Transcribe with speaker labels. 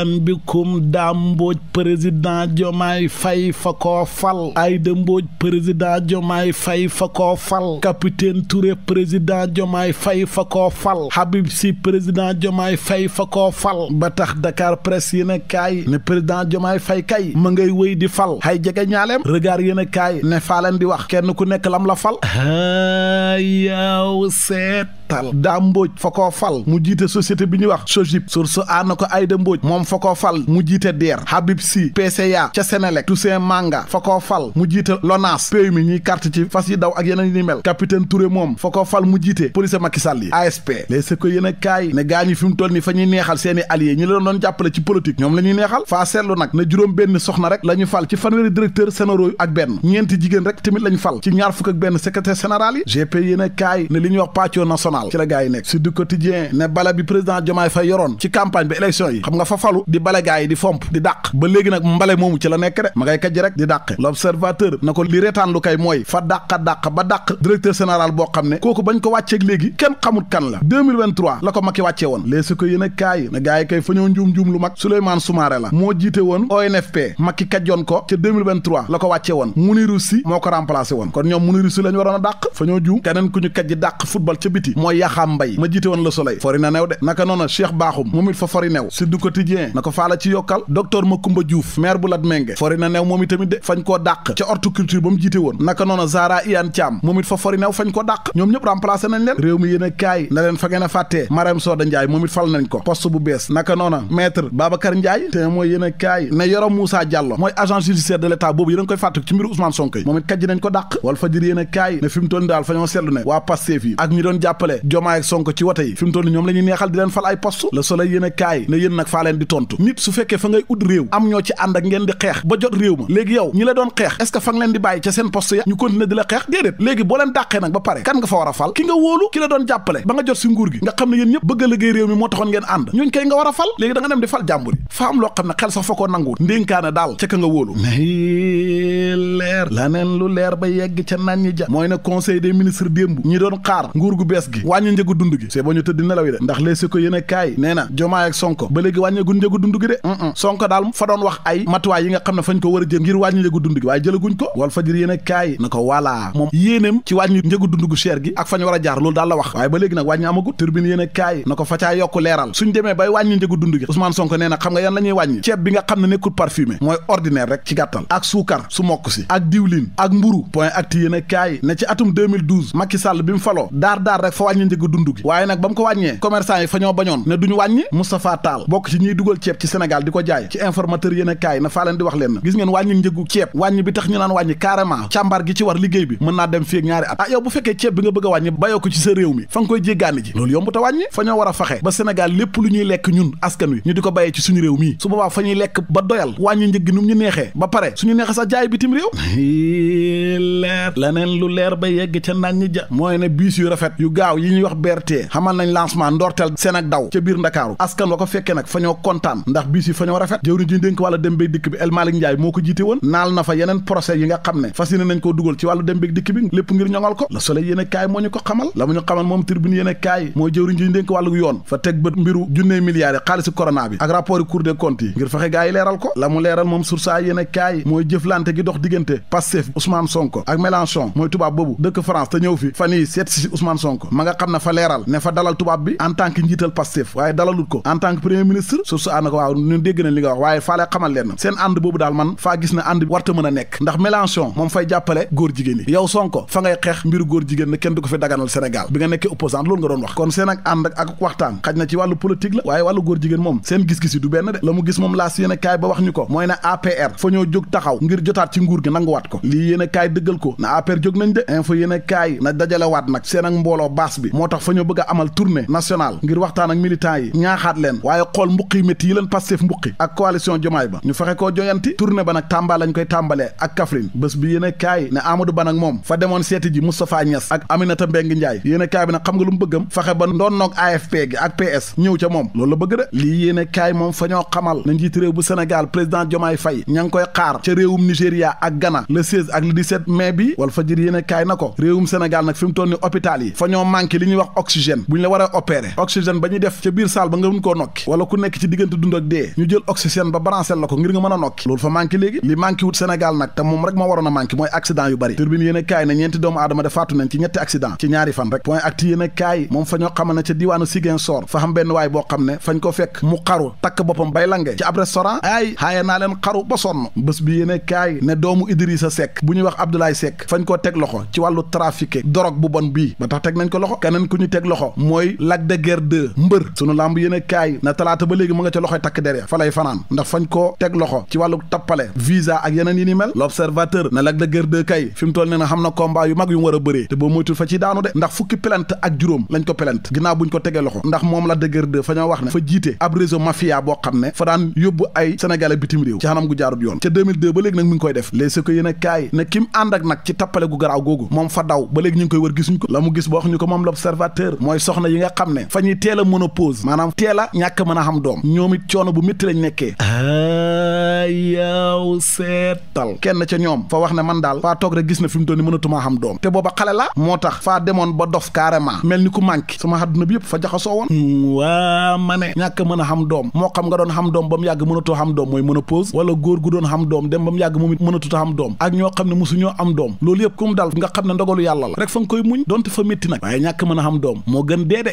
Speaker 1: waxtaan bi kum daam mbooj jomaay fay fa koo fal ayda mbooj président jomaay fay fa koo fal capitaine Touré président jomaay fay fa koo fal Habib Sy président jomaay fay fa koo fal ba tax Dakar presse yéen kaay ne président jomaay fay kay ma ngay wéy di fal hay jege ñaaleem regard ne faaleen di wax kenn ku nekk lam la fal aa seet nataal daa mbóoj fa koo fal mu jiite société bi ñuy wax sojib source a na ko ayda mbóoj moom fa koo fal mu jiite deer habib si pca ca Senelec Toussaint Manga fa koo fal mu jiite lonaas péew mi ñuy carte ci fas yi daw ak yeneen yi mel capitaine Touré moom fa koo fal mu jiite police Macky yi asp les se ko yéen a kaay ne gaa ñi mu toll ni fa ñuy neexal seeni alliés ñi leen doon jàppale ci politique ñoom la ñuy neexal faa seetlu nag na juróom benn soxna la ñu fal ci fanweeri directeur sénéraux ak benn ñeenti rek tamit la ñu fal ci ñaar fukk ak benn secrétaire général yi gp a national ci la gaa yi nekk Sud Quotidien ne bala bi président Diomaye Faye yoroon ci campagne bi élection yi xam nga fa falu di bale gaa yi di fomp di dàq ba léegi nag mbale moomu ci la nekk de ma ngay kajji rek di dàq l'observateur na ko li retaan kay mooy fa dàq dàq ba dàq directeur général boo xam ne kooku bañ ko wàcceeg léegi kenn xamut kan la la ko Macky wàccee woon léegi ko yéen a kaay na gaa kay fa njuum njuum lu mag Souleymane Soumaré la a mooy moom it fa fori new Sud Quotidien na ko faala ci yokkal docteur Macoumba Diouf maire bu Latmingué fori na new moom itamit de fañ koo dàq ca horticulture ba mu jiite woon naka noona Zahra Iyane Thiam moom it fa fori ko dàq ñoom ñëpp na leen fa ngeen a fàttee Marème moom it fal nañ ko poste bu bees naka noona maître Babacar Ndiaye te mooy yéen kaay ne Yoro Moussa Diallo mooy agent judiciaire de l'État boobu yéen koy fàttu ci mbiru Ousmane Sonko yi moom it jomaa ak Sonko ci wote yi fi mu toll ñoom la ñuy neexal di leen fal ay poste Le Soleil yéen a kaay ne yéen nag faa leen di tontu nit su fekkee fa ngay ut réew am ñoo ci ànd ak ngeen di xeex ba jot réew ma léegi yow ñi la doon xeex est-ce leen di bàyyi ca seen poste ya ñu continuer di la xeex déedéet léegi boo leen dàqee nag ba pare kan nga fa war a fal ki nga wóolu ki la doon jàppale ba nga jot si nguur gi nga xam ne yéen ñëpp bëgg a liggéey réew mi moo taxoon a fal am loo xam ne xel sax fa leer la neen lu leer ba yegg ca naan ñi mooy ne conseil des ministres démb ñi doon xaar nguur gu bees gi wàññi njëgu dund gi c'est ñu tëdd nelaw de ndax les ko yéen a nee na jomaay ak sonko ba léegi a jël ngir wàññi njëgu dund gi waaye jëlaguñ ko wal fajir yéen a kaay na ko voilà moom yéeneem ci wàññi njëgu dund gu cher gi ak fañ war a jaar loolu daal la wax waaye ba léegi nag wàññi amagu turbine yéen a kaay na ko fa caa yokku leeral suñ demee bay wàññi na xam nga yan la ñuy wàññi ceeb bi nga diwlin ak mburu point acti yéen a kaay ne ci atum 2012 Macky bi mu faloo daar daar rek fa wàññi njëg dund gi waaye nag ba mu ko wàññee commerçant yi fa ñoo bañoon ne duñu wàññi Moustapha Tall bokk ci ñiy dugal ceeb ci Sénégal di ko jaay ci informateur yéen a kaay na faa leen di wax leen na gis ngeen wàññi njëgu ceeb wàññi bi tax ñu naan wàññi carrément càmbar gi ci war liggéey bi mën naa dem fii ak ñaari at ah yow bu fekkee ceeb bi nga bëgg a wàññi bayoo ko ci sa réew mi fa nga koy a faxe ba Sénégal ñuy lekk ñun askan wi ñu di ko bayee ci suñu réew mii su boobaa fa ñuy lekk ba doyal wàññi njëg gi nu ñu neexee ba pare suñu neexee sax jaay bitim réew leer leneen lu leer ba yegg ca nañ ja mooy ne biis yu rafet yu gaaw yi ñuy wax BRT xamal nañ lancement ndorteel seen ak daw ca biir ndakaaru askan wa ko fekkee nag fa ñoo kontaan ndax biis yi fa rafet jëwriñ ji dénk wàllu dem beeg dikk bi El Malick moo ko jiite woon naal na fa yeneen procès yi nga xam ne fas yéene nañ koo dugal ci wàllu dem beeg dikk bi lépp ngir ñoŋal ko Le Soleil yéene moo ñu ko xamal la mu ñu xamal moom tribune Pastef Ousmane Sonko ak Mélenchon mooy tubaab boobu dëkk France te ñëw fi fan yii seet si Ousmane Sonko ma nga xam ne fa leeral ne fa dalal tubaab bi en tant que njiital Pastef waaye dalalut ko en tant que premier ministre suuf su ànd ko waaw ñun dégg nañ li nga wax waaye faa lay xamal leen seen ànd boobu daal man faa gis ne ànd warta mën a nekk ndax Mélenchon moom fay jàppale góor jigéen yi yow Sonko fa ngay xeex mbiru góor jigéen ne kenn du ko fi daganal Sénégal bi nga nekkee opposant loolu nga doon wax kon seen ak ànd ak waxtaan góor jigéen moom seen gis-gis yi du benn de la mu ko mooy ne APR fa ñoo ngir jotaat ci nguur gi nanguwaat waat lii yéen a kaay dëggal ko na APR jóg nañ de info yéen a kaay na dajale waat nag seen ak mbooloo baas bi moo tax fa ñu bëgg amal tournée nationale ngir waxtaan ak militants yi ñaaxaat leen waaye xool mbuqi métti yi leen Pastef mbuqi ak coalition jomaay ba ñu fexe koo joyanti tournée ba nag Tamba lañ koy tàmbalee ak Kaffrine bés bi yéen a kaay ne Amadou Ba nag moom fa demoon seeti ji Moustapha Niass ak Aminata Mbengue Ndiaye yéen a kaay bi na xam nga lu mu bëggam fexe ba ndonnoog ak PS ñëw ca moom loolu la bëgg de lii yéen a kaay moom fa ñoo xamal na njiit réew bu Sénégal président Jomaay Faye ña ngi koy xaar ca réewum Nigéria ak Ghana le 16 ak le 17 mai bi wal fajir yéene kaay na ko réewum Sénégal nag fi mu toll ni hôpital yi fa ñoo manqué li ñuy wax oxygène bu la war a opérer ba ñuy def ca biir saal ba nga mun koo nokki wala ku nekk ci diggante dund ak dee ñu jël oxygène ba branchel ko ngir nga mën a nokki loolu fa manqué léegi li manqué wut Sénégal nag te moom rek moo waroon a manqué mooy accident yu bari turbine yéene kaay na ñeenti doomu aadama de faatu nañ ci Idrissa Seck bu ñuy wax Abdoulaye Seck fañ koo teg loxo ci wàllu trafiqué drogue bu bon bii ba tax teg nañ ko loxo keneen ku ñu teg loxo mooy Lac de Guerre 2 mbër sunu làmb yéene kaay na talaata ba léegi mu nga ca loxoy takk der ya fa fanaan ndax fañ ko teg loxo ci wàllu tappale visa ak yeneen yi ni mel l'observateur na Lac de Guerre 2 kay fi mu toll ne na xam na combat yu mag yu mu a bëree te boo moytul fa ci daanu de ndax fukki plainte ak juróom lañ ko tegee loxo ndax moom Lac de Guerre 2 fa ñoo fa jiite ab réseau ne fa daan yóbbu ay sénégalais bitim réew ci xanam gu jaarut yoon koy def yéen a kaay ne kim ànd ak nag ci tappale gu garaaw googu moom fa daw ba léegi ñu ngi koy wër gisuñ ko la mu gis ba wax ñu ko moom l'observateur mooy soxna yi nga xam ne fa ñuy teel a ménopause maanaam teel a ñàkk mën a xam doom ñoom it coono bu métti lañ nekkee
Speaker 2: ayaw seetal
Speaker 1: kenn ca ñoom fa wax ne man daal faa toog gis na fi mu toll mënatumaa xam doom te booba xale la moo tax faa demoon ba dof carrément mel ni ku manqué sama àdduna bi yëpp fa jaxasoo woon waa ma ne ñàkk mën a xam doom moo xam nga doon xam doom ba mu yàgg mënatoo xam doom mooy ménopause wala góor gu doon xam doom dem ba yàgg moom it mënatut a ak ñoo xam ne mosuñoo am doom loolu yëpp ku dal nga xam ne ndogalu yàlla la rek fa nga koy muñ donte
Speaker 2: fa métti nag waaye ñàkk mën a am doom moo gën dee de